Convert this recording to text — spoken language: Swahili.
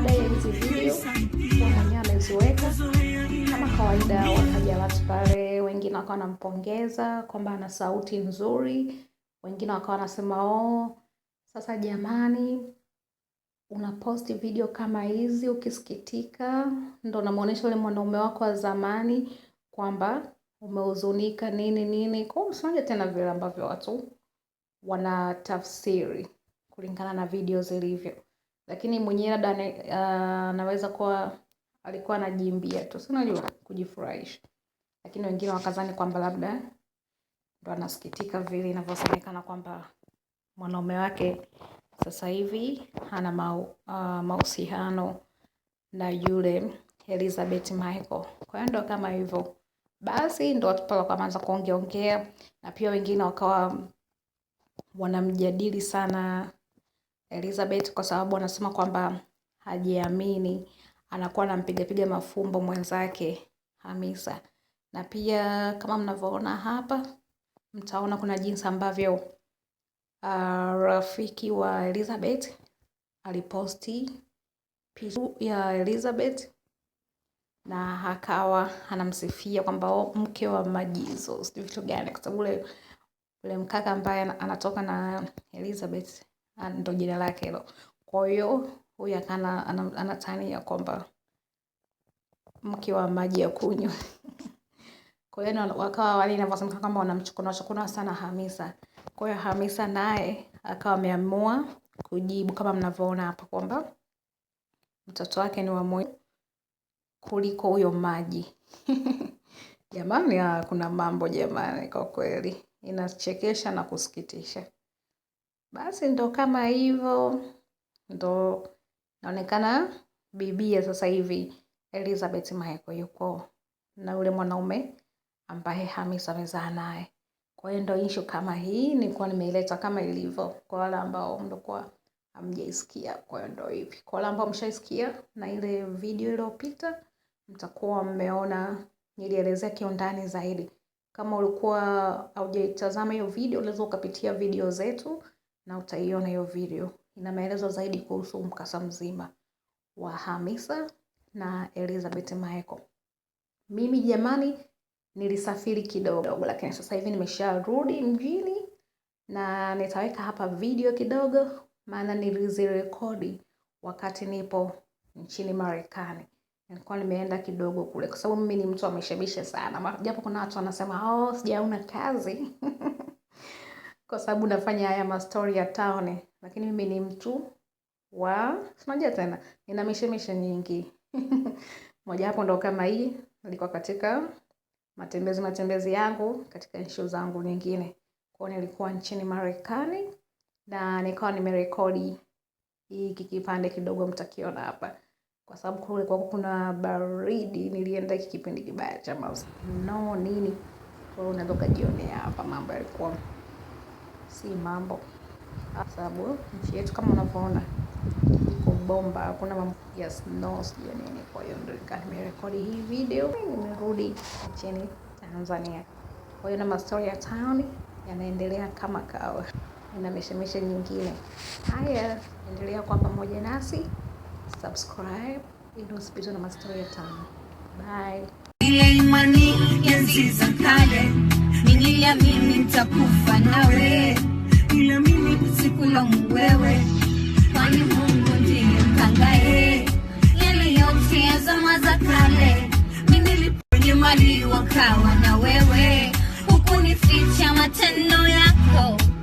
baada ya hizi video mwenyewe ameziweka kama kawaida, wakaja watu pale, wengine wakawa wanampongeza kwamba ana sauti nzuri, wengine wakawa wanasema oh, sasa jamani, unaposti video kama hizi ukisikitika, ndo unamuonyesha ule mwanaume wako wa zamani kwamba umehuzunika nini nini. Kwa hiyo tena vile ambavyo watu wanatafsiri kulingana na video zilivyo lakini mwenyewe labda ah, anaweza kuwa alikuwa anajiimbia tu, si unajua kujifurahisha, lakini wengine wakazani kwamba labda ndo anasikitika vile inavyosemekana kwamba mwanaume wake sasa hivi hana mahusiano uh, mahusiano na yule Elizabeth Michael. Kwa hiyo ndo kama hivyo basi, ndo watu pale wakaanza kuongeaongea, na pia wengine wakawa wanamjadili sana Elizabeth kwa sababu anasema kwamba hajiamini, anakuwa anampigapiga mafumbo mwenzake Hamisa. Na pia kama mnavyoona hapa, mtaona kuna jinsi ambavyo uh, rafiki wa Elizabeth aliposti picha ya Elizabeth na akawa anamsifia kwamba oh, mke wa majizo sijui vitu gani, kwa sababu ule mkaka ambaye anatoka na Elizabeth Ah, ndo jina lake hilo. Kwa hiyo huyu akana anatania kwamba mke wa maji ya kunywa kwa hiyo wakawa wale inavyosemekana kama wanamchukua chukuna sana Hamisa. Kwa hiyo Hamisa naye akawa ameamua kujibu kama mnavyoona hapa kwamba mtoto wake ni wa muhimu kuliko huyo maji. Jamani, ah, kuna mambo jamani, kwa kweli inachekesha na kusikitisha. Basi ndo kama hivyo, ndo naonekana bibia sasa hivi Elizabeth Michael yuko na yule mwanaume ambaye Hamis amezaa naye. Kwa hiyo ndo issue kama hii nilikuwa nimeileta kama ilivyo kwa wale ambao mlikuwa hamjaisikia. Kwa hiyo ndo hivi. Kwa wale ambao mshaisikia na ile video iliyopita mtakuwa mmeona nilielezea kiundani zaidi. Kama ulikuwa haujaitazama hiyo video, unaweza ukapitia video zetu na utaiona hiyo video. Ina maelezo zaidi kuhusu mkasa mzima wa Hamisa na Elizabeth Maeko. Mimi jamani, nilisafiri kidogo, lakini sasa hivi nimesharudi mjini na nitaweka hapa video kidogo, maana nilizirekodi wakati nipo nchini Marekani. Nilikuwa nimeenda kidogo kule, kwa sababu mimi ni mtu ameshabisha sana, japo kuna watu wanasema oh, sijaona kazi kwa sababu nafanya haya mastori ya town, lakini mimi ni mtu wa unajua tena, nina mishemishe nyingi moja hapo ndo kama hii, nilikuwa katika matembezi matembezi yangu katika nchi zangu nyingine. Kwa hiyo nilikuwa nchini Marekani na nikawa nimerekodi hiki kipande kidogo, mtakiona hapa kwa sababu kule kwa kuna baridi, nilienda hiki kipindi kibaya cha mouse no nini. Kwa hiyo unaweza kujionea hapa mambo yalikuwa si mambo, kwa sababu nchi yetu kama unavyoona iko bomba, hakuna mambo ya snow sijui nini. Kwa hiyo ndio nimerekodi hii video, nimerudi nchini Tanzania. Kwa hiyo na mastori ya town yanaendelea kama kawa ina mishemishe nyingine. Haya, endelea kwa pamoja nasi, subscribe ili usipitwe na mastori ya town. Bye. Ile imani enzi za kale, niliamini nitakufa nawe wangu wewe, kwani Mungu ndiye mpangaye yale yote zama za kale. Mimi niliponyemali wakawa na wewe, huku nificha matendo yako